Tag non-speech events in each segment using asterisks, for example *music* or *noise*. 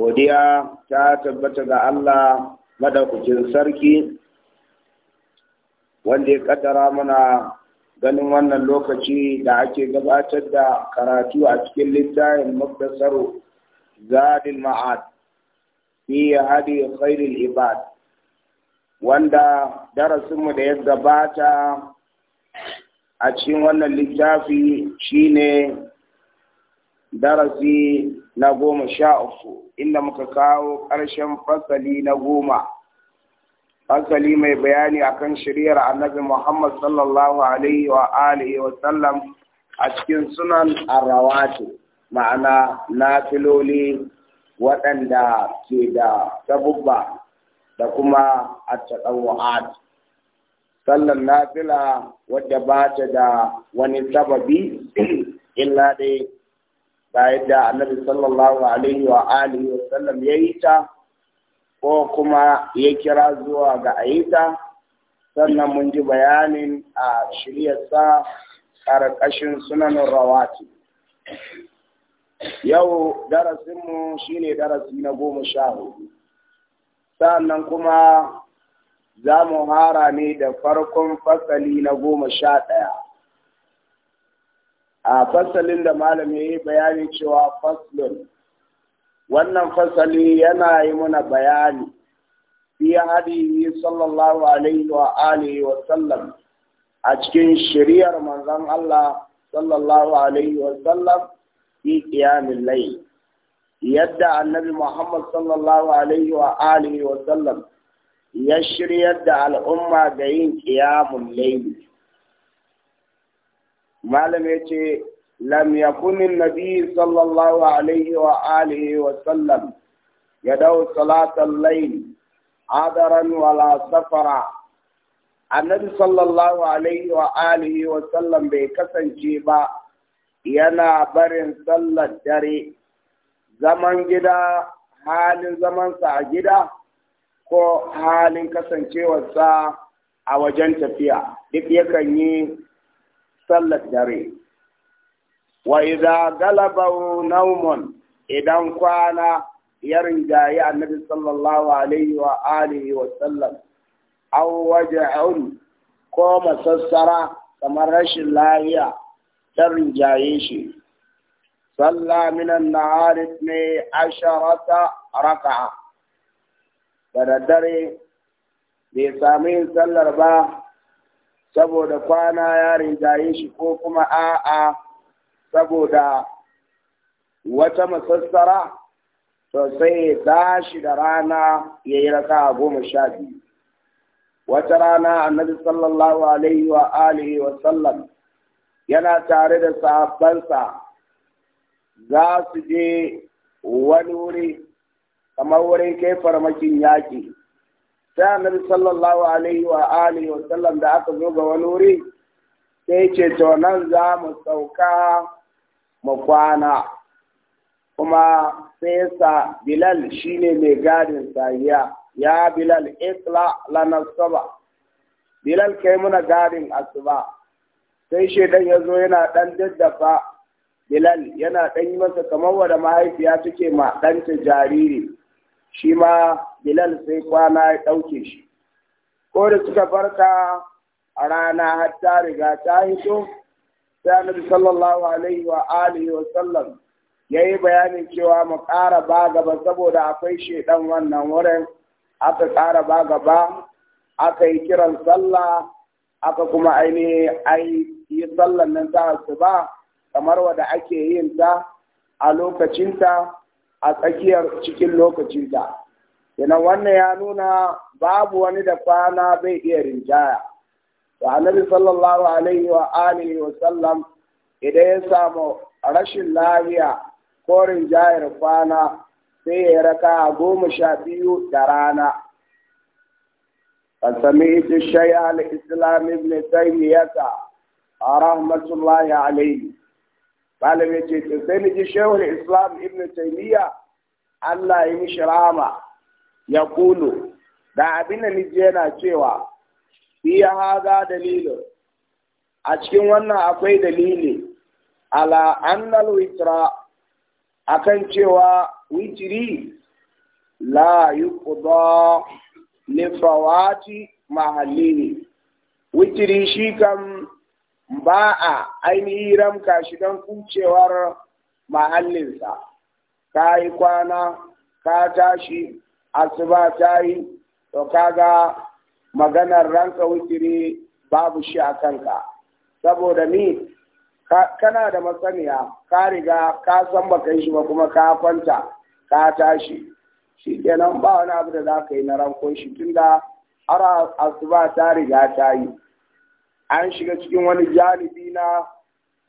godiya ta tabbata ga Allah madaukakin sarki wanda ya kaddara mana ganin wannan lokaci da ake gabatar da karatu a cikin littafin muktasaru zadil ma'ad fi hadi khairul ibad wanda darasin mu da ya gabata a cikin wannan littafi shine darasi na goma sha uku inda muka kawo ƙarshen fasali na goma fasali mai bayani akan shiryar annabi muhammad sallallahu alaihi wa alihi wa sallam a cikin sunan arawatu ma'ana na nafiloli waɗanda ke da sabubba da kuma a taɗawa'at sallan nafila wadda ba ta da wani sababi *clears throat* illa dai ba yadda annabi sallallahu alaihi wa alihi wa sallam ya yi ta ko kuma ya kira zuwa ga ta, sannan mun ji bayanin a shiryarsa ƙarƙashin sunanin rawati yau darasinmu shi ne darasi na goma sha hudu sannan kuma za mu hara ne da farkon fasali na goma sha ɗaya a fasalin da malami ya yi bayani cewa fasalin, wannan fasali yana yi mana bayani fi hadihi sallallahu alaihi wa alihi wa sallam a cikin shiriyar manzon Allah sallallahu alaihi wa sallam fi qiyamil layl yadda annabi Muhammad sallallahu alaihi wa alihi wa sallam ya shiryar da al'umma ga yin qiyamul layl malam ya ce lam kunin nabi sallallahu alaihi wa alihi wa sallam ya dau salatan lain adaran wala safara annabi sallallahu alaihi wa alihi wa sallam bai kasance ba yana barin sallar dare zaman gida halin zamansa a gida ko halin kasancewarsa a wajen tafiya duk yakan yi sallar dare wa idza galabahu naumun idan kwana ya rinjayi annabi sallallahu alaihi wa alihi wa sallam aw waj'un ko masassara kamar rashin lafiya ta rinjaye shi salla min an-nahar ne asharata raka'a da daddare bai sami sallar ba saboda kwana ya rinjaye shi ko kuma a'a saboda wata masassara to sai ya tashi da rana ya yi raka goma sha biyu wata rana annabi sallallahu alaihi wa alihi wa sallam yana tare da sahabbansa za su je wani wuri kamar wurin kai farmakin yaƙi sai annabi sallallahu alaihi wa alihi wa sallam da aka zo ga wani wuri sai ce to nan za mu sauka mu kwana kuma sai yasa bilal shine mai gadin sahiya ya bilal ikla lana saba bilal kai muna gadin asuba sai shedan ya zo yana dan daddafa bilal yana dan yi masa kamar wanda mahaifiya take ma ɗanta jariri shi ma bilal sai kwana ya ɗauke shi ko da suka farka a rana hatta riga ta hito sai annabi sallallahu alaihi wa alihi wa sallam ya yi bayanin cewa mu ƙara ba gaba saboda akwai shaidan wannan wurin aka ƙara ba gaba aka yi kiran sallah aka kuma ainihin yi sallan nan ta asuba kamar wadda ake yin ta a lokacinta a tsakiyar cikin lokacin ta yana wannan ya nuna babu wani da kwana bai iya rinjaya to annabi sallallahu alaihi wa alihi wa sallam idan ya samu rashin lafiya ko rinjayar kwana sai ya raka goma sha biyu da rana فسمعت الشيخ الإسلام ابن تيمية رحمة الله عليه malam ce ta sai ni ji islam ibn taymiya Allah ya mishi rama ya kulu da abin da ni yana cewa biya haza dalilu a cikin wannan akwai dalili ala annal witra akan cewa witri la yuqda li fawati mahallihi witri shi kam ba a ainihi ramka shi don kucewar mahallinsa ka yi kwana ka tashi asuba ta yi to kaga maganar ranka wikiri babu shi a kanka saboda ni kana da masaniya ka riga ka san baka shi ba kuma ka kwanta ka tashi shi kenan ba wani abu da za ka yi na rankon shi tunda har asuba ta riga ta yi an shiga cikin wani jalibi na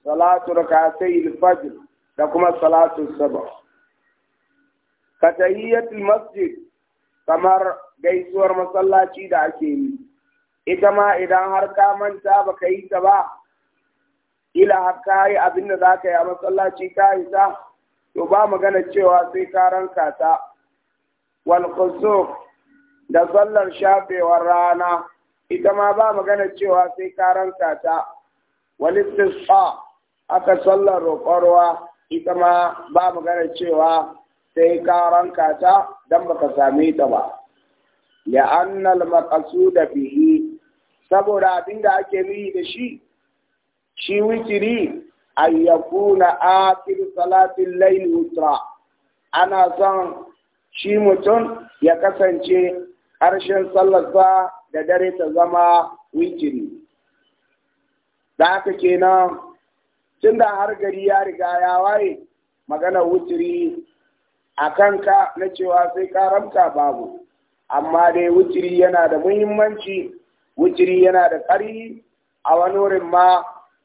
salatu rakatai fajr da kuma salatu saba ka tahiyyatul masjid kamar gaisuwar masallaci da ake yi ita ma idan har ka manta baka yi ta ba ila har ka yi abin da za ka yi a masallaci ka yi ta to ba magana cewa sai ka ranka ta da sallar shafewar rana ita ma ba magana cewa sai karanta ta Wani walittisqa aka sallar roƙarwa ita ma ba magana cewa sai karanta ta dan baka same ta ba ya makasu da فيه saboda abin da ake nuyi da shi shi witiri na yakuna akhir salatin laini utra ana son shi mutum ya kasance ƙarshen tsallasa. da dare ta zama witiri da haka kenan tun da har gari ya riga ya waye magana witiri a kan ka na cewa sai karamta babu amma dai witiri yana da muhimmanci witiri yana da ƙari a wani wurin ma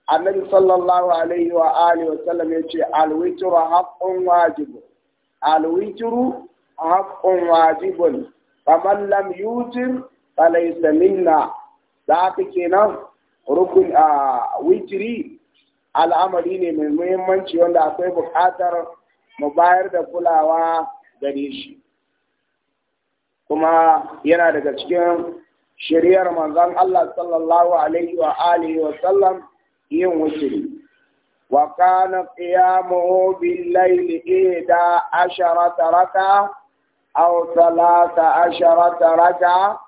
annabi sallallahu alaihi wa alihi wa ya ce alwitru haqqun wajibu. alwitru haqqun wajibu. faman lam yutir falaisa minna da haka kenan rukun a witiri al'amari ne mai muhimmanci wanda akwai buƙatar mu bayar da kulawa gare shi kuma yana daga cikin shiriyar manzon Allah sallallahu alaihi wa alihi wa sallam yin witiri wa kana qiyamuhu bil layli ida asharata raka aw talata asharata raka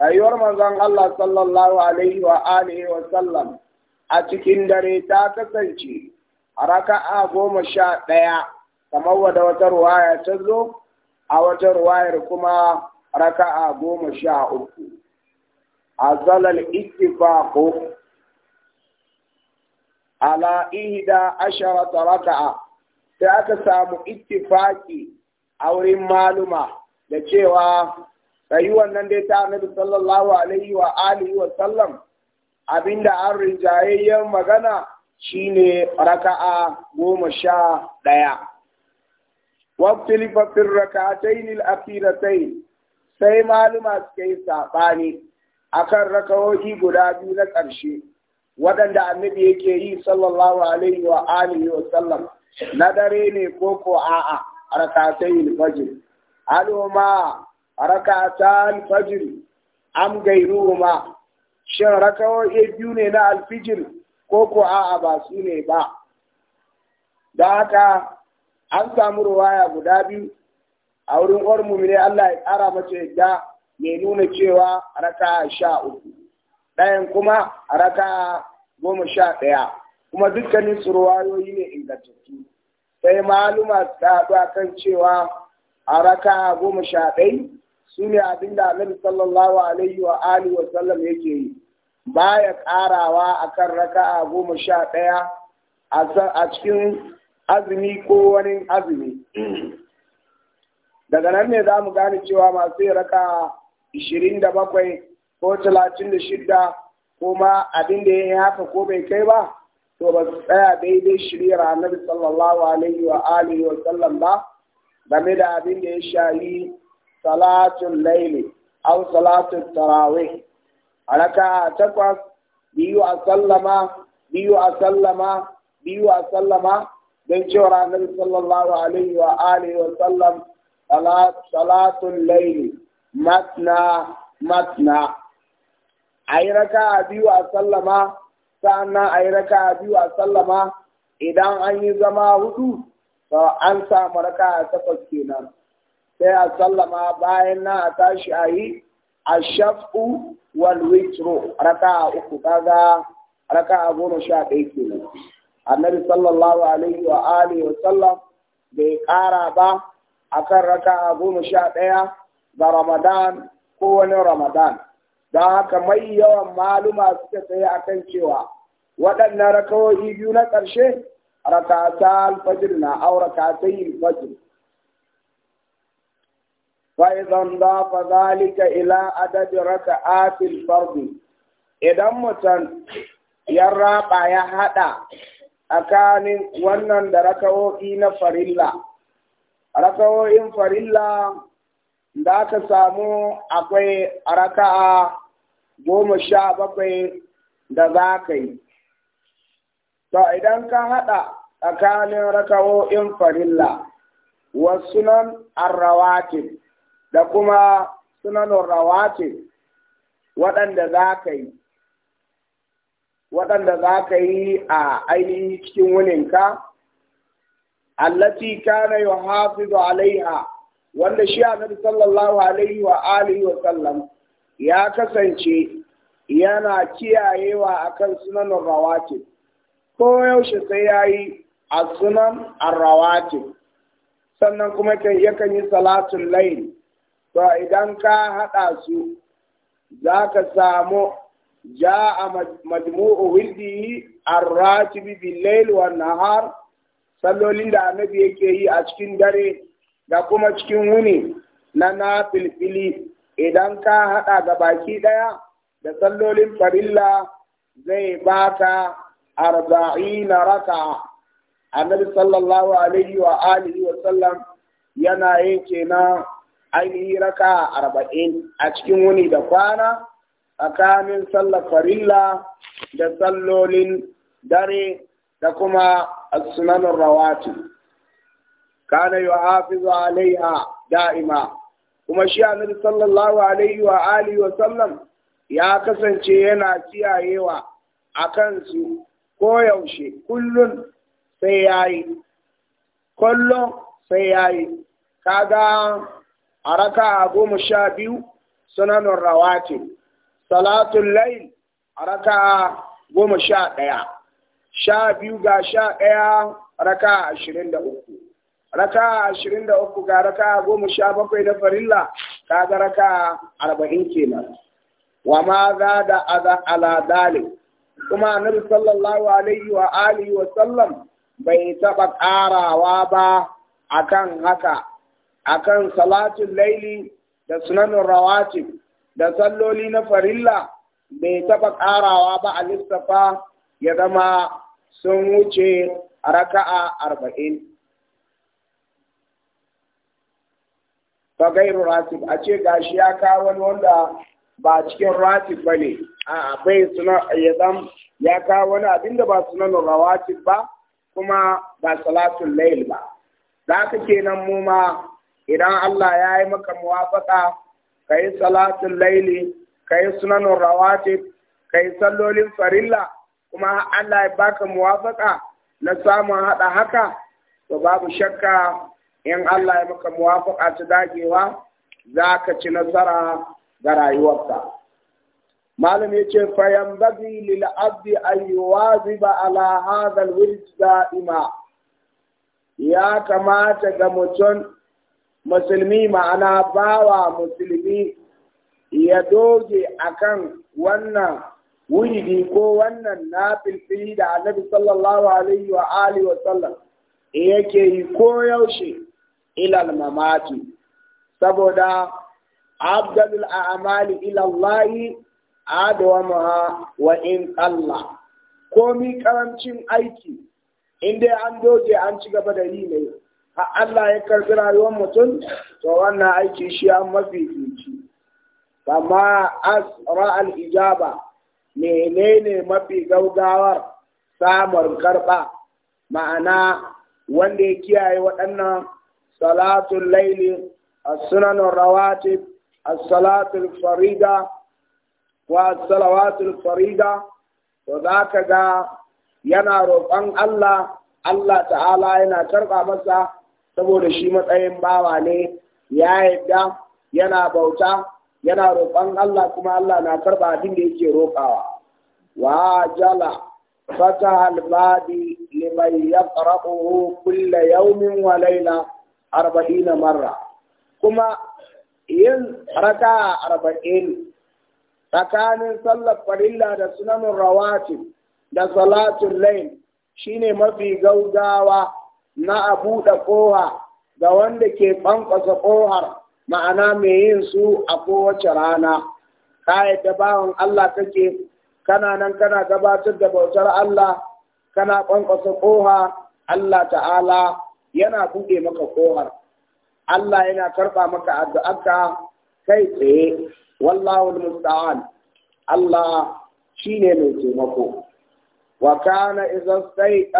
rayuwar manzon Allah sallallahu alaihi wa alihi wa sallam a cikin dare ta kasance raka'a goma sha ɗaya kamar wadda wata ruwaya ta zo a wata ruwayar kuma raka'a goma sha uku a zalal ittifaqu ala ihda asharata raka'a sai aka samu ittifaki a wurin maluma da cewa rayuwar nan dai ta annabi sallallahu alaihi wa alihi wa sallam abinda an rinjayayyen magana shine raka'a goma sha ɗaya. Waktilifa fin raka'atayn al-akhiratayn sai maluma suka yi saɓani akan rakawoyi guda biyu na ƙarshe waɗanda annabi yake yi sallallahu alaihi wa alihi wa sallam na dare ne ko ko a'a rakatai al-fajr aluma raka'ata ta fajr am shin raka'o'i biyu ne na al ko ko a'a ba su ne ba Da haka an samu ruwaya guda biyu a wurin ƙwar ne Allah ya ƙara mace yadda mai nuna cewa raka sha uku ɗayan kuma raka goma sha ɗaya kuma dukkanin su ruwayoyi ne ingantattu sai maluma ta haɗu a kan cewa raka goma sha ɗai su ne abin da annabi sallallahu alaihi wa alihi wa sallam yake yi baya karawa akan raka'a goma sha ɗaya a cikin azumi ko wani azumi daga nan ne za mu gane cewa masu yi raka bakwai ko talatin da shida ko ma abin da ya yi haka ko bai kai ba to ba su tsaya daidai shirya annabi sallallahu alaihi wa alihi wa sallam ba game da abin da ya shayi salatul laili aw salatul tarawih raka'a takwas biyu a sallama biyu a sallama biyu a sallama don cewar annabi sallallahu alaihi wa alihi wa sallam salatul laili matna matna a yi raka biyu a sallama Sa'an na a yi raka a biyu a sallama idan an yi zama hudu to an samu raka takwas kenan sai a sallama bayan na a tashi a yi a shafu walwitro raka a uku kaga raka goma sha ɗaya kenan annabi sallallahu alaihi wa alihi wa sallam bai ƙara ba akan raka goma sha ɗaya ga ramadan ko wani ramadan don haka mai yawan maluma suka tsaye akan cewa waɗannan rakawoyi biyu na ƙarshe ta alfajir na aura ta yi alfajir. أيضا ضاف ذلك إلى عدد ركعات الفرض إذا متن يرابع يحدى أكان ونن دركوئين فرلا ركوئين فرلا da aka samu akwai raka'a goma sha bakwai da za ka yi. To idan ka haɗa tsakanin raka'o'in farilla, wasu nan arrawatin da kuma sunanin rawace waɗanda za ka yi waɗanda za ka yi a ainihin cikin wuninka allati kana yuhafizu alaiha wanda shi annabi sallallahu alaihi wa alihi wa sallam ya kasance yana kiyayewa akan sunanin rawatib ko yaushe sai ya yi a sunan ar-rawatib sannan kuma yakan yi salatun layl to idan ka haɗa su za ka samu a majmu'u wildi ar-ratib bil-layl nahar sallolin da annabi yake yi a cikin dare da kuma cikin wuni na nafilfili idan ka haɗa ga baki ɗaya da sallolin farilla zai baka arba'ina raka annabi sallallahu alaihi wa alihi wa sallam yana yin kenan ainihi raka arba'in a cikin wuni da kwana tsakanin sallar farilla da sallolin dare da kuma sunanin rawatu. kana yuhafizu alaiha da'ima kuma shi annabi sallallahu alaihi wa alihi wa sallam ya kasance yana kiyayewa a kansu koyaushe kullum sai yayi kullum sai yayi kaga a raka goma sha biyu sunanun rawatin salatun lail a raka goma sha ɗaya sha biyu ga sha ɗaya raka ashirin da uku raka ashirin da uku ga raka goma sha bakwai na farilla ka ga raka arba'in kenan wa ma za da ala dalil kuma annabi sallallahu alaihi wa alihi wa sallam bai taɓa ƙarawa ba akan haka akan salatul laili da sunanin rawatib da salloli na farilla bai taɓa ƙarawa ba a listafa ya zama sun wuce raka'a arba'in. Ba gairu ratib a ce gashi ya kawo wani wanda ba cikin ratib ba ne, a bai suna ya zam ya kawo wani abinda ba sunan rawatib ba kuma ba salatun lail ba. Da haka kenan mu ma idan Allah ya yi maka muwafaka ka yi salatun laili ka yi sunanin rawatib ka yi sallolin farilla kuma Allah ya baka muwafaka na samun haɗa haka to babu shakka in Allah ya maka muwafaka ta dagewa za ka ci nasara ga rayuwarka. Malam ya ce, Fayan bazi lil abdi ayyuwa ziba ala hadal da'ima. Ya kamata ga mutum musulmi ma'ana bawa musulmi ya doge akan wannan wuridi ko wannan nafilfili da annabi sallallahu alaihi wa alihi wa sallam yake yi ko yaushe ilal mamati saboda abdul a'mali ila Allah adwamaha wa in qalla komi karancin aiki inda an doge an ci gaba da yi ne har Allah ya karbi rayuwar mutum to wannan aiki shi an mafi fici amma asra al-ijaba menene mafi gaugawar samar karba ma'ana wanda ya kiyaye waɗannan salatul laili as sunanur rawatib as-salatul farida wa as-salawatul farida to zaka ga yana roƙon Allah Allah ta'ala yana karɓa masa saboda shi matsayin bawa ne ya yadda yana bauta yana roƙon Allah kuma Allah na karɓa abin da yake roƙawa wa jala fata albadi limai ya ƙarabuhu kulle yaumin wa laila marra kuma yin raka arba'in tsakanin sallar farilla da sunan rawatin da salatun lain shine mafi gaugawa na abu da kowa, ga wanda ke ƙwanƙwasa ƙohar ma'ana mai yin su a kowace rana ka yadda bawan Allah kake kana nan kana gabatar da bautar Allah kana ƙwanƙwasa ƙoha Allah ta'ala yana buɗe maka ƙohar Allah yana karɓa maka addu'arka kai tsaye wallahul musta'an Allah shine mai taimako wa kana idza sai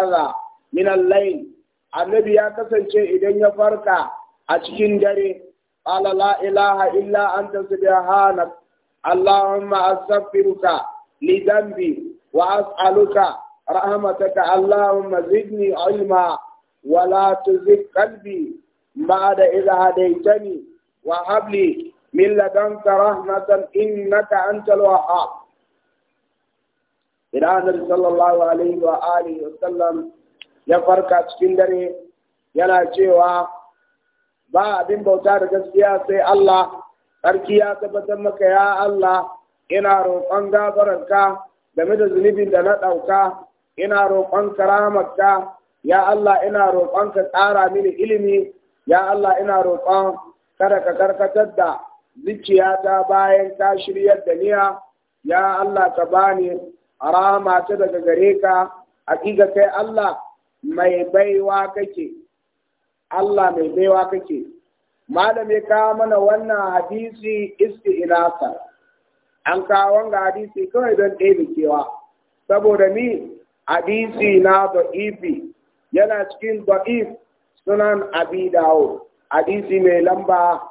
min al-layl annabi ya kasance idan ya farka a cikin dare ala la ilaha illa anta subhanaka allahumma astaghfiruka li dhanbi wa as'aluka rahmataka allahumma zidni ilma wa la tuzigh qalbi ba'da idha hadaytani wa hab li min ladanka rahmatan innaka antal wahhab Idan Annabi sallallahu alaihi wa alihi wa sallam ya farka cikin dare yana cewa ba abin bauta da gaskiya sai Allah sarki ya tabbatar maka ya Allah ina roƙon gafararka game da zunubin da na ɗauka ina roƙon karamarka ya Allah ina roƙon ka ƙara mini ilimi ya Allah ina roƙon kada ka karkatar da zuciyata bayan ka shiryar da niya ya Allah ka bani rama ta daga gare ka hakika kai Allah mai baiwa kake Allah mai baiwa kake malam ya kawo mana wannan hadisi isti'nasa an kawo wanga hadisi kawai don ɗebe kewa saboda ni hadisi na da'ifi yana cikin da'if sunan abi dawo hadisi mai lamba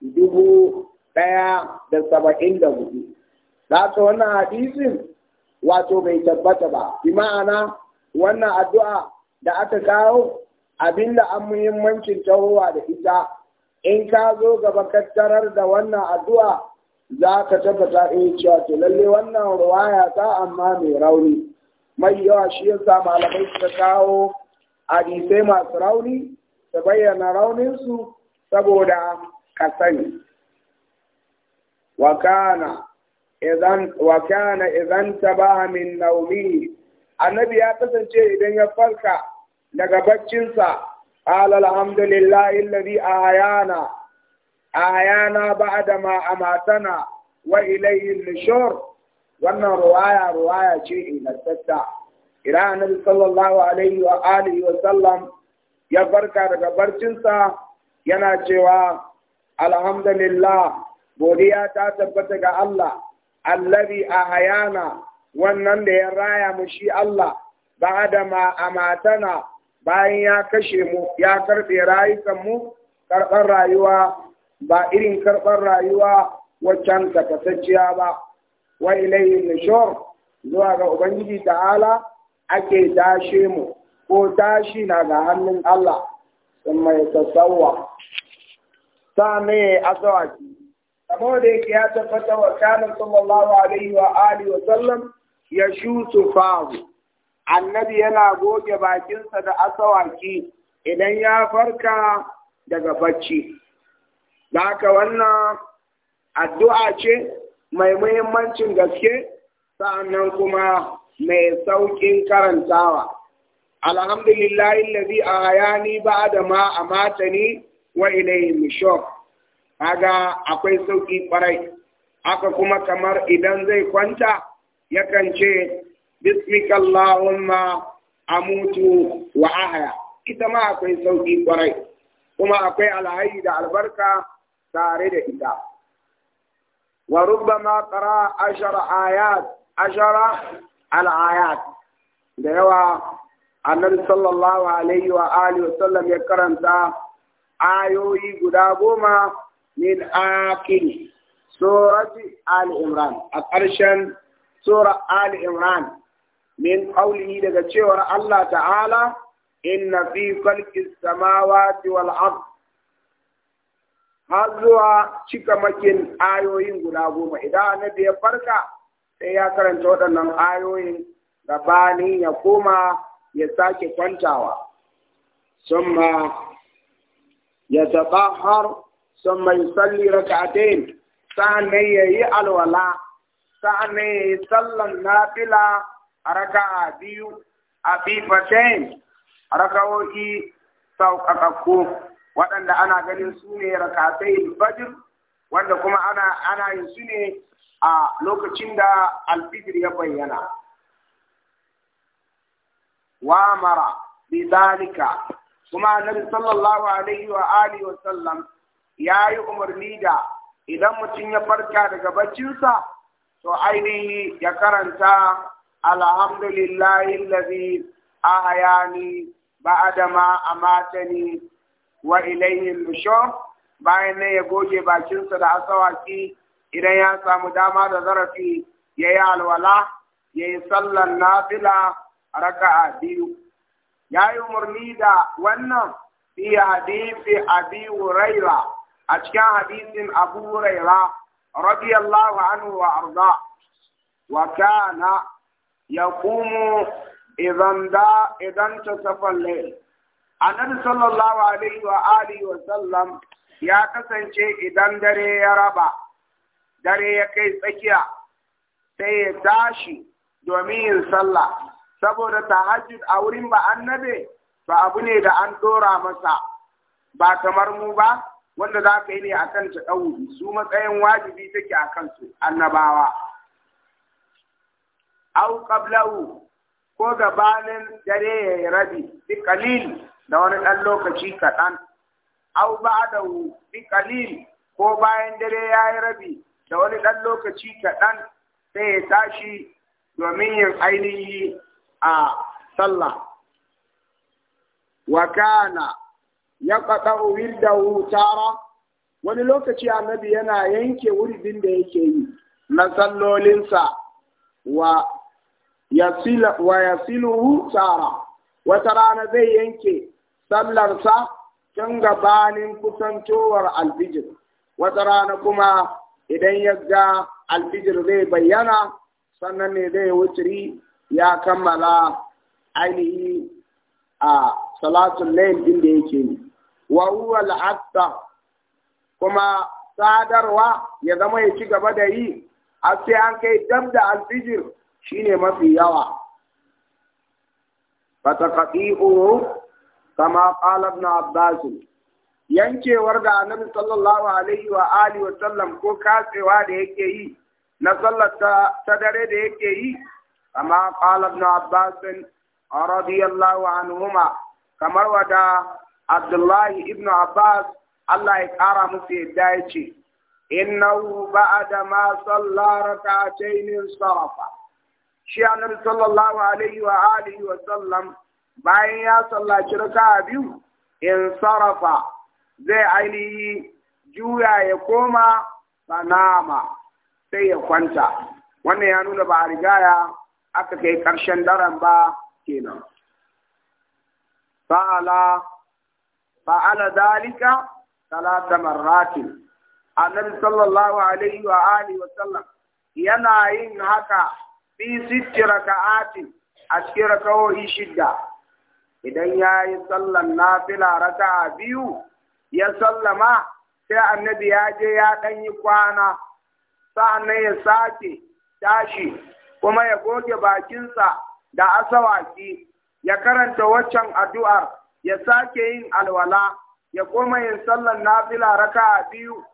dubu ɗaya da saba'in da hudu da wannan hadisin wato bai tabbata ba bi ma'ana wannan addu'a da aka kawo abin da an muhimmancin tahowa da ita in ka zo gaba kattarar da wannan addu'a za ka tabbata yi eh, cewa to lalle wannan ruwaya ta amma mai rauni mai yawa shi ya sa malamai suka kawo hadisai masu rauni su bayyana rauninsu saboda kasani wakana idan kana idan tabaha min annabi ya kasance idan ya farka daga baccinsa qala alhamdulillahi alladhi ahayana ahayana ba'da ma amatana wa ilayhi nushur wannan ruwaya ruwaya ce ingantatta idan annabi sallallahu alaihi wa alihi wa ya farka daga barcinsa yana cewa alhamdulillah godiya ta tabbata ga Allah allazi ahayana wannan da ya raya mu shi Allah ba da ma amatana bayan ya kashe mu ya karɓe rayukan mu karɓar rayuwa ba irin karɓar rayuwa waccan tafasacciya ba wa ilayhi nushur zuwa ga ubangiji ta'ala ake tashe mu ko tashi na ga hannun Allah sun mai tasawwa ta ne asawaki kamar da yake ya tabbata wa kanin sallallahu alaihi wa alihi wa sallam Yashu su fahu annabi yana goge bakinsa da asawaki idan ya farka daga bacci da haka wannan addu'a ce mai muhimmancin gaske sa'annan kuma mai sauƙin karantawa alhamdulillahi allazi ba ba'da ma amatani wa ilayhi nushur kaga akwai sauƙi kwarai haka kuma kamar idan zai kwanta yakan ce bismika Allahumma amutu wa ahya ita ma akwai sauki kwarai kuma akwai alhayi da albarka tare da ita wa rubbama qara ashara ayat ashar al da yawa annabi sallallahu alaihi wa alihi wa sallam ya karanta ayoyi guda goma min akin surati al-imran a ƙarshen sura Ali Imran min qawlihi daga cewar Allah ta'ala inna fi khalqis samawati wal ard har zuwa cika makin ayoyin guda goma idan annabi ya farka sai ya karanta waɗannan ayoyin gabanin ya koma ya sake kwantawa summa ya mai summa yusalli rak'atayn sa'an ya yi alwala sa'annan Sallan sallan nafila a raka biyu a fifatain raka'o'i waɗanda ana ganin su ne rakatai fajir wanda kuma ana ana yin su ne a lokacin da alfijir ya bayyana wa mara bi dalika kuma annabi sallallahu alaihi wa alihi wa sallam ya yi umarni da idan mutum ya farka daga baccinsa to ainihi ya karanta alhamdulillahi allazi ahayani ba'da ma amatani wa ilayhi nushur bayan ne ya goge bakinsa da asawaki idan ya samu dama da zarafi ya yi alwala ya yi sallan nafila raka'a biyu ya yi umarni da wannan fi hadisi abi huraira a cikin hadisin abu huraira رضي الله عنه وأرضاه وكان يقوم إذا إذا انتصف الليل annabi sallallahu alaihi wa alihi wa sallam ya kasance idan dare ya raba dare ya kai tsakiya sai ya tashi domin yin sallah saboda tahajjud a wurin ba annabe ba abu ne da an dora masa ba kamar mu ba wanda za ka yi ne a kan ta ɗauri su matsayin wajibi take a kansu annabawa au qablahu ko gabanin dare ya yi rabi bi kalil da wani ɗan lokaci kaɗan au ba'dahu bi kalil ko bayan dare ya yi rabi da wani ɗan lokaci kaɗan sai ya tashi domin yin ainihi a sallah wa kana ya wir da tara wani lokaci annabi yana yanke wurin da yake yi na sallolinsa wa yasila wa yasiluhu tara wata rana zai yanke sallarsa can gabanin kusantowar alfijir wata rana kuma idan ya ga alfijir zai bayyana sannan ne zai wuturi ya kammala ainihi a salatun layin din da yake yi. wa huwa kuma sadarwa ya zama ya ci gaba da yi a sai an kai dab da alfijir shine mafi yawa fataqati'uhu kama qala ibn abbas yankewar da annabi sallallahu alaihi wa alihi wa sallam ko katsewa da yake yi na sallar ta dare da yake yi kama qala ibn abbas radiyallahu anhuma kamar wada Abdullahi ibn Abbas Allah ya ƙara musu yadda ya ce, Innahu ba'da ma salla rak'atayn sarafa shi annabi sallallahu alaihi wa alihi wa sallam bayan ya sallaci raka'a biyu in sarafa zai ainihi juya ya koma sanama sai ya kwanta wannan ya nuna ba a rigaya aka kai ƙarshen daren ba kenan sa'ala fa'ala dalika talata marratin annabi sallallahu alaihi wa alihi wa sallam yana yin haka fi sitti raka'ati a cikin rakawoyi shidda idan ya yi sallan nafila raka'a biyu ya sallama sai annabi ya je ya ɗan yi kwana na ya sake tashi kuma ya goge bakinsa da asawaki ya karanta waccan addu'ar ya sake yin alwala ya koma yin sallar nafila raka biyu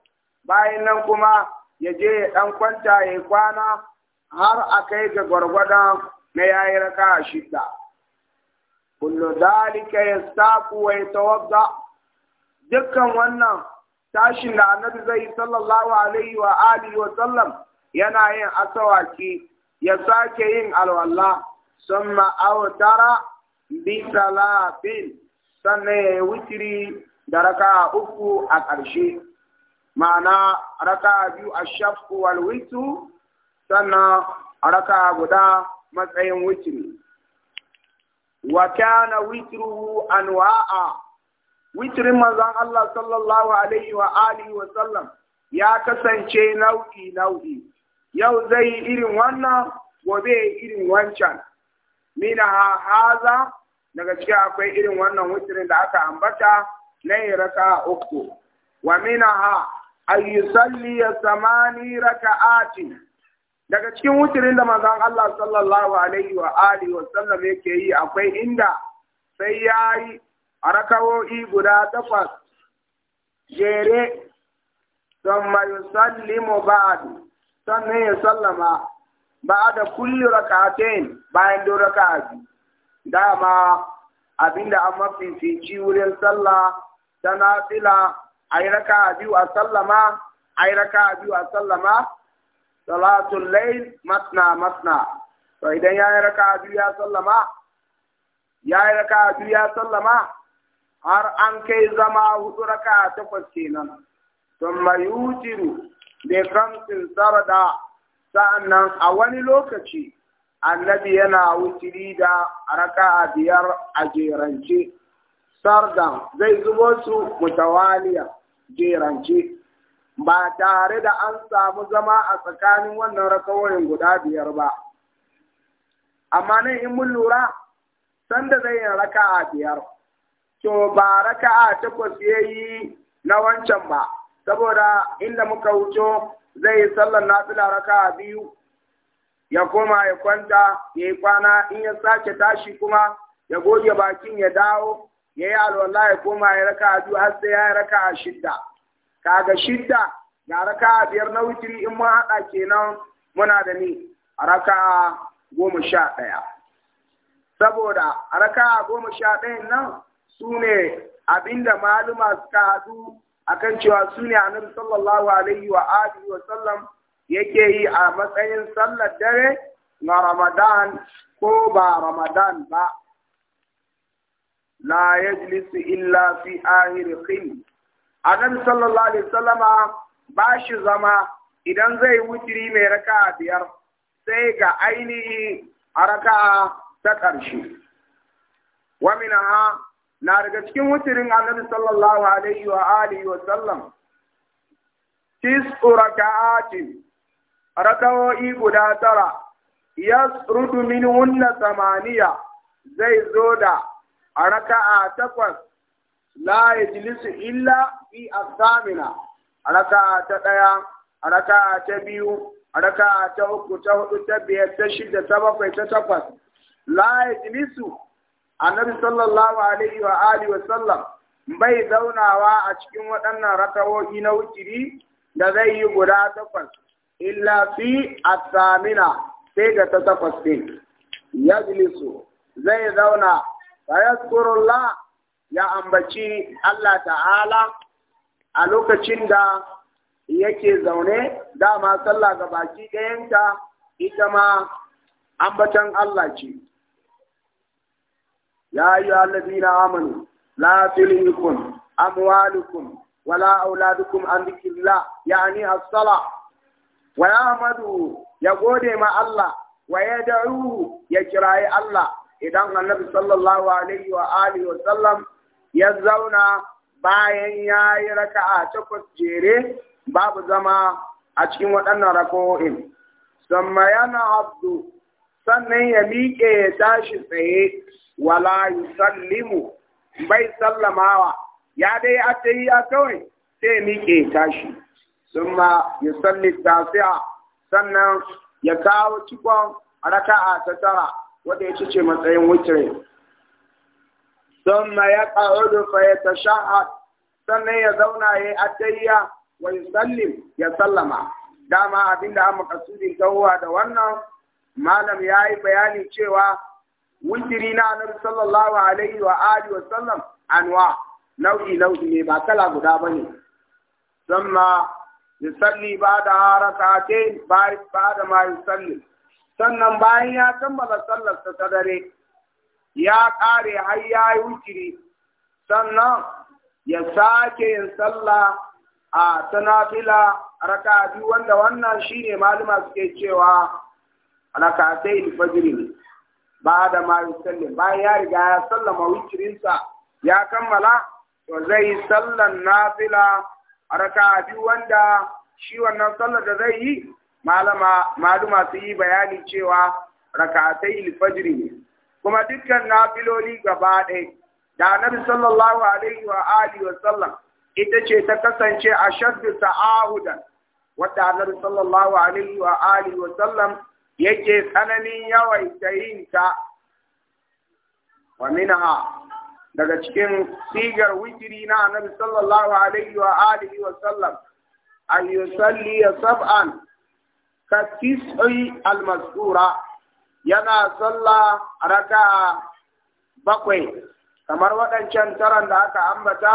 bayan nan kuma ya je ya dan kwanta ya kwana har a kai ga gwargwada na yayi raka shida kullu dalika yastaku wa yatawadda dukkan wannan tashin da annabi zai sallallahu alaihi wa alihi wa sallam yana yin asawaki ya sake yin alwala sun maautara bi salatin sannan ya yi witiri da raka uku a ƙarshe ma'ana raka biyu a shafku wal witu sannan raka guda matsayin witiri wa kana witruhu anwa'a witirin manzon Allah sallallahu alaihi wa alihi wa sallam ya kasance nau'i nau'i yau zai irin wannan gobe irin wancan mina haza daga cikin akwai irin wannan wutirin da aka ambata na yi raka uku wa ha ayyusalli ya samani raka'ati daga cikin wutirin da mazan Allah sallallahu alaihi wa alihi wa sallam yake yi akwai inda sai ya yi rakawo'i guda takwas jere ثم يسلم ba'adu sannan ya sallama ba'ada da kulli raka'atain bayan do raka'a biyu dama abinda an mafi mafifici wurin sallah ta nafila a yi raka biyu a sallama a yi raka biyu a sallama salatul lail masna masna to idan ya yi raka biyu ya sallama ya yi raka biyu ya sallama har an kai zama hudu raka a takwas kenan ثم يوتر da sa'an nan a wani lokaci annabi yana wutiri da raka'a biyar a jerance sardan zai zubo su mutawaliya jerance ba tare da an samu zama a tsakanin wannan rakawoyin guda biyar ba amma nan in mun lura sanda zai yi raka'a biyar to ba raka'a takwas ya yi na wancan ba saboda inda muka wuce zai yi sallar nafila raka biyu ya koma ya kwanta ya yi kwana in ya sake tashi kuma ya goge bakin ya dawo ya yi alwala ya koma ya raka a biyu har sai ya yi raka a shidda kaga shidda ga raka a biyar na wutiri in mun haɗa kenan muna da ni a raka goma sha ɗaya saboda a raka goma sha ɗaya nan su ne abinda maluma suka haɗu kan cewa su ne annabi sallallahu alaihi wa alihi wa sallam yake yi a matsayin sallar dare na Ramadan ko ba Ramadan ba. La yajlisu illa fi ahir khil. Annabi sallallahu alaihi wasallama ba shi zama idan zai wutiri mai raka biyar sai ga ainihi a raka ta ƙarshe. Wa ha, na daga cikin wutirin Annabi sallallahu alaihi wa alihi wa sallam tis raka'atin rakawo'i guda tara ya rudu min samaniya zai zo da a raka'a takwas la yajlisu illa fi asamina raka'a ta ɗaya raka'a ta biyu raka'a ta uku ta hudu ta biyar ta shida ta bakwai ta wa bai zaunawa a cikin waɗannan rakawo'i na wuciri da zai yi guda takwas illa fi asamina sai da ta takwas ɗin yajlisu zai zauna fa yadhkurullah ya ambaci Allah ta'ala a lokacin da yake zaune dama sallah ga baki ɗayanta ita ma ambatan Allah ce ya yi allazina amanu la tulhikum amwalukum wala auladukum an dhikrillah yani as-salah wa Ahmadu ya gode ma Allah wa yad'u ya kirayi Allah idan Annabi sallallahu alaihi wa alihi wa sallam ya zauna bayan ya yi raka'a takwas jere babu zama a cikin waɗannan rako'in samma yana abdu sannan ya miƙe ya tashi tsaye wala yusallimu bai sallamawa ya dai a kawai sai miƙe tashi summa yusalli tasi'a sannan ya kawo cikon raka'a ta tara wanda ya ce matsayin witri summa ya qa'udu fa yatashahhad sannan ya zauna yayi atayya wa yusallim ya sallama dama abinda an makasudin tawowa da wannan malam ya yi bayani cewa wujiri na annabi sallallahu alaihi wa alihi wa sallam anwa nau'i nau'i ne ba kala guda bane sannan yusalli ba'da rak'atayn ba'da ma yusalli sannan bayan ya kammala sallar ta dare ya kare har ya yi wutiri sannan ya sake yin sallah a tanafila raka biyu wanda wannan shine malama suke cewa rak'atayn fajr ne ba'da ma yusalli bayan ya riga ya sallama wutirinsa ya kammala to zai sallan nafila a raka biyu wanda shi wannan sallar da zai yi malama maluma su yi bayani cewa rakatai ilfajiri ne kuma dukkan nafiloli gaba ɗaya da annabi sallallahu alaihi wa alihi wa sallam ita ce ta kasance a shaddu ta'ahudan wadda annabi sallallahu alaihi wa alihi wa sallam yake tsananin yawaita yin ta wa minha daga cikin sigar witiri na annabi sallallahu alaihi wa alihi wa sallam an yusalli sab'an ka tis'i al-masdura yana salla raka bakwai kamar waɗancan taran da aka ambata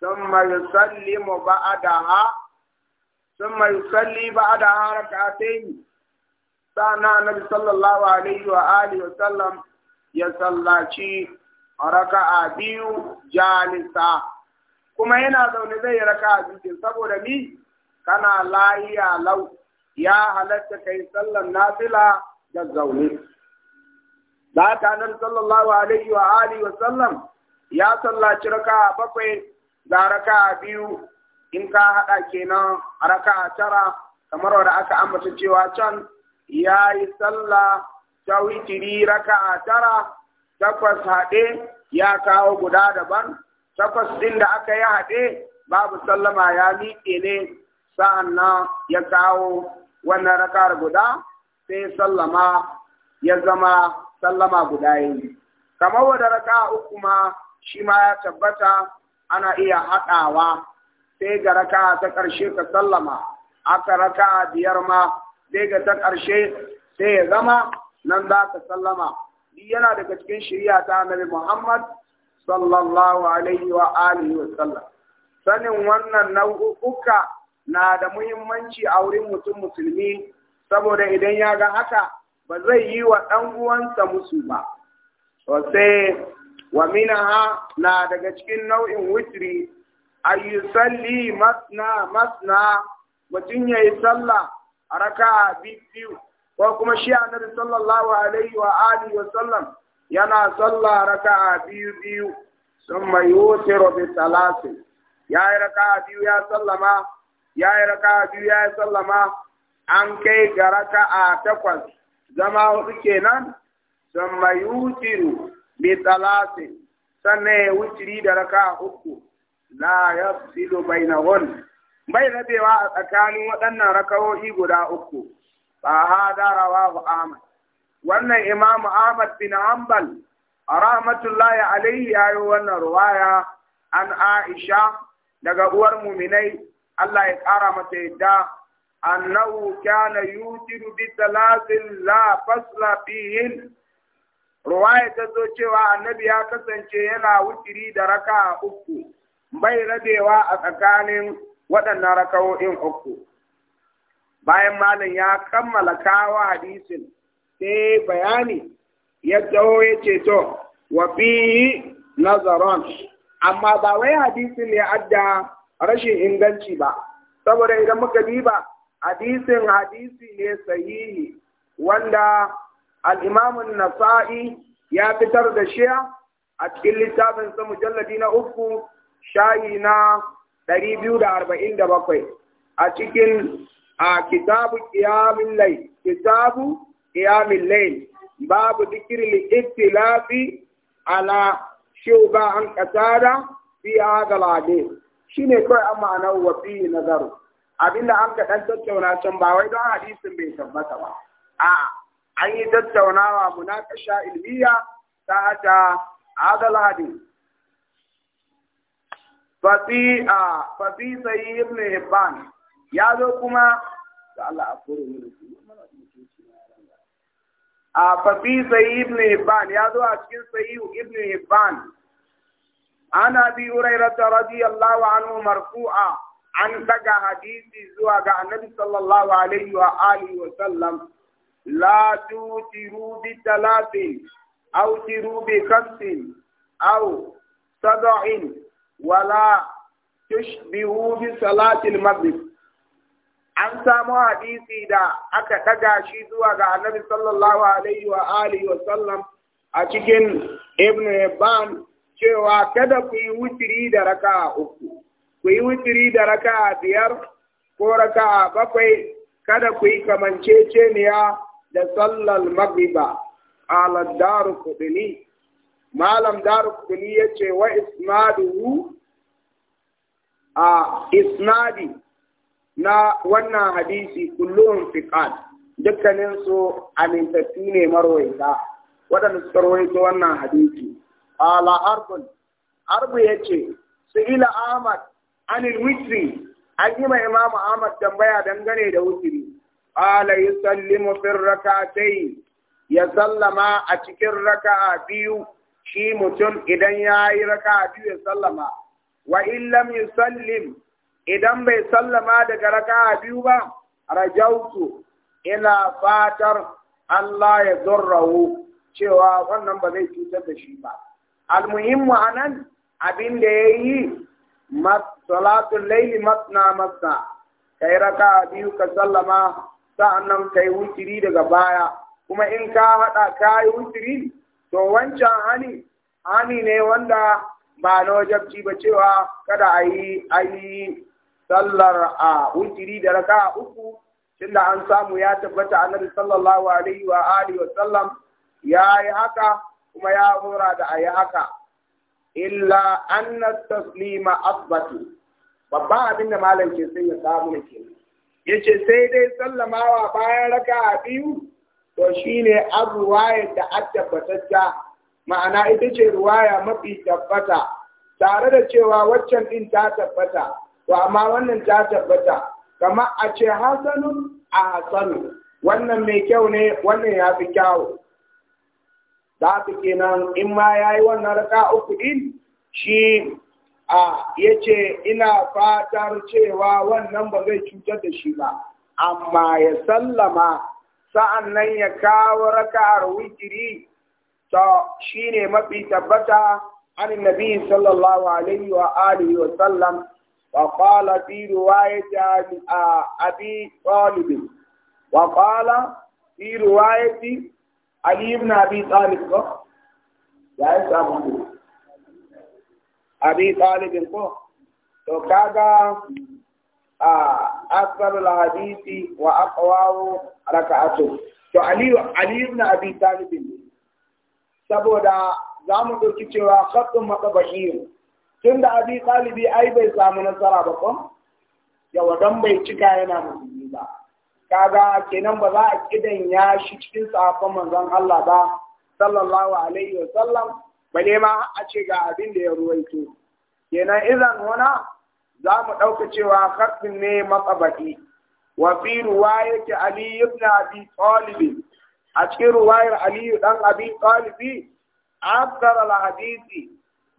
thumma yusallimu ba'daha thumma yusalli ba'daha rak'atayn sana annabi sallallahu alaihi wa alihi wa sallam ya sallaci raka'a biyu jalisa kuma yana zaune zai yi raka'a biyu saboda ni kana lahiya lau ya halatta kai sallan nafila da zaune da ta nan sallallahu alaihi wa alihi wa sallam ya sallaci raka'a bakwai da raka'a biyu in ka haɗa kenan raka'a tara kamar wanda aka ambata cewa can ya yi sallah ta witiri raka'a tara takwas haɗe ya kawo guda daban takwas ɗin da aka yi haɗe babu sallama ya miƙe ne sa'an na ya kawo wannan rakar guda sai sallama ya zama sallama guda yi kamar wadda raka uku ma shi ma ya tabbata ana iya haɗawa sai ga raka ta ƙarshe ka sallama aka raka biyar ma sai ga ta ƙarshe sai ya zama nan za ka sallama yana daga cikin shirya ta annabi Muhammad sallallahu alaihi wa alihi wa sallam sanin wannan nau'uka na da muhimmanci a wurin mutum musulmi saboda idan ya ga haka ba zai yi wa dan uwansa musu ba sai wa minaha na daga cikin nau'in witri salli masna masna mutum yayi sallah raka'a biyu ko kuma shi annabi sallallahu alaihi wa alihi wa sallam yana sallah raka'a biyu biyu summa yutiru bi salasin yayi raka'a biyu ya sallama raka raka'a biyu ya sallama an kai ga raka'a takwas zama hudu kenan summa yutiru bi salasin sannan ya wutiri da raka'a uku la yafsilu bainahun bai rabewa a tsakanin waɗannan raka'o'i guda uku فهذا رواه أحمد وأن إمام أحمد بن حنبل رحمة الله عليه أي وأن رواية an Aisha. daga uwar muminai Allah ya ƙara mata yadda annahu kana yutiru bi salatin la fasla fihin ta zo cewa annabi ya kasance yana wutiri da raka uku bai radewa a tsakanin waɗannan raka'o'in uku bayan malam ya kammala kawo hadisin sai bayani ya taho ya ce to wa fi nazaron amma ba wai hadisin ya adda rashin inganci ba saboda idan muka bi ba, hadisin hadisi ne sahihi wanda al'imamun nasa'i ya fitar da shiya a cikin littafin sa mujalladi na uku shayi na 247 a cikin a kitabu qiyamul layl kitabu qiyamul layl babu dhikri ittilafi ala an qatada fi hadha al shine kai amma nan wa fi nazaru abinda an ka dan tattauna can ba wai don hadisin bai tabbata ba a an yi tattaunawa munakasha ilmiya ta hata hadal hadis ففي آه ففي yi ابن هبان ya zo kuma da Allah a kore mu su a fafi sayi ibn hibban ya zo a cikin sayi ibn hibban ana bi hurairata radiyallahu anhu marfu'a an daga hadisi zuwa ga annabi sallallahu alaihi wa alihi wa sallam la tutiru bi talatin aw tiru bi khamsin aw sad'in wala tushbihu an samu hadisi da aka daga shi zuwa ga annabi sallallahu alaihi wa alihi wa sallam a cikin ibn Hibban cewa kada ku yi wutiri da raka uku ku yi wutiri da raka biyar ko raka bakwai kada ku yi kamanceceniya da sallal magriba ala daru kudini malam daru kudini ya ce wa isnadu a isnadi na wannan hadisi kullum fiqat dukkanin su amintattu ne marwaita waɗanda suka rawaito wannan hadisi ala arbun ya ce, su ila ahmad anil witri an yi mai imamu ahmad tambaya dangane da witri ala yusallimu fi rak'atayn ya sallama a cikin raka'a biyu shi mutum idan ya yi raka'a biyu ya sallama wa in lam yusallim idan bai sallama daga raka biyu ba rajautu ina fatar Allah ya zurrahu cewa wannan ba zai cutar da shi ba almuhimmu anan abin da ya yi salatun laili masna masna kai raka biyu ka sallama sa'annan kai wutiri daga baya kuma in ka haɗa ka yi to wancan hani hani ne wanda ba na wajabci ba cewa kada a yi sallar a wutiri da raka uku tunda an samu ya tabbata annabi sallallahu alaihi wa alihi wa sallam ya yi haka kuma ya hura da a yi haka illa anna taslima asbatu babban abin da malam ke sun ya samu ke yace sai dai sallamawa bayan raka biyu to shine arwaya da atabbatacca ma'ana ita ce ruwaya mafi tabbata tare da cewa waccan din ta tabbata to amma wannan ta tabbata kamar a ce hasanun a hasanu wannan mai kyau ne wannan ya fi kyawu za su kenan in ma ya yi wannan raka uku din shi a ya ce ina fatar cewa wannan ba zai cutar da shi ba amma ya sallama sa'an nan ya kawo raka'ar wikiri ta shi ne mafi tabbata an nabi sallallahu alaihi wa alihi wa sallam وقال في رواية عن أبي طالب وقال في رواية علي بن أبي طالب يا أبو أبي طالب كو تو كاغا أكثر الحديث وأقواه ركعته to Aliyu Aliyu na Abi Talib ne saboda za mu ɗauki cewa khattun matsabahiyun tun da abi ɗalibi ai bai samu nasara ba kwan yawa don bai cika yana musulmi ba kaga kenan ba za a kidan ya shi cikin safon manzon Allah ba sallallahu alaihi wa sallam Ba ne ma a ce ga abin da ya ruwaito kenan idan wana za mu ɗauka cewa khatsin ne matsabaɗi wa fi ruwayati ali ibn abi talib a cikin ruwayar ali dan abi talib akthar al hadisi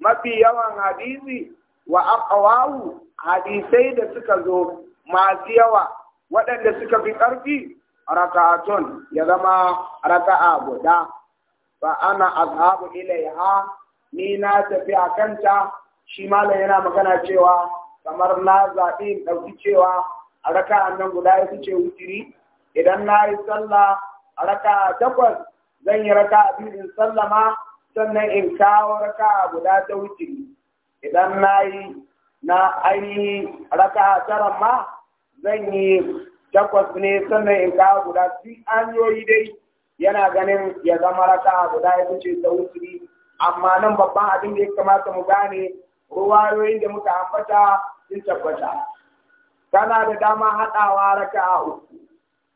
mafi yawan hadisi wa aqwahu hadisai da suka zo masu yawa waɗanda suka fi ƙarfi raka'atun ya zama raka'a guda fa ana azhabu ilaiha ni na tafi a kanta shi malam yana magana cewa kamar na zaɓi in ɗauki cewa a raka'a nan guda ya ce wutiri idan na yi sallah a raka'a takwas zan yi raka'a biyu in sallama sannan in kawo raka guda ta wuce idan na yi na ainihi raka tara ma zan yi takwas ne sannan in kawo guda su hanyoyi dai yana ganin ya zama raka guda ya wuce ta wuce amma nan babban abin da ya kamata mu gane ruwayoyin da muka ambata sun tabbata kana da dama haɗawa raka uku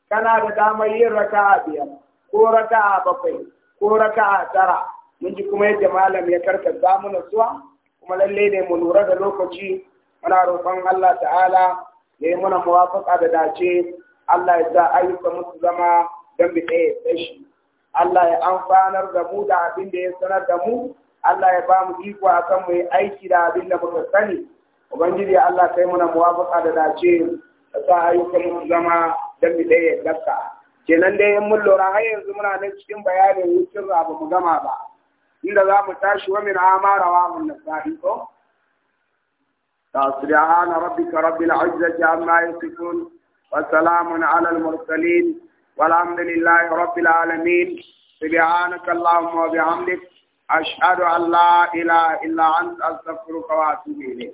kana da damar yin raka biyar ko raka bakwai ko raka tara mun ji kuma yadda malam ya karkata zamuna zuwa, kuma lalle ne mu lura da lokaci muna roƙon Allah ta'ala ya yi mana muwafaƙa da dace Allah ya sa ayyuka musu zama don bi ɗaya shi. Allah ya amfanar da mu da abin da ya sanar da mu Allah ya ba mu iko akan mu yi aiki da abin da muka sani ubangiji Allah kai mana muwafaƙa da dace da sa ayyuka musu zama don bi ɗaya tsaka kenan dai mun lura har yanzu muna nan cikin bayanin wucin ba mu gama ba inda za mu tashi wa min amara wa mun ربك رب العزة عما يصفون وسلام على المرسلين والحمد لله رب العالمين سبحانك اللهم وبحمدك أشهد أن لا إله إلا أنت أستغفرك وأتوب إليك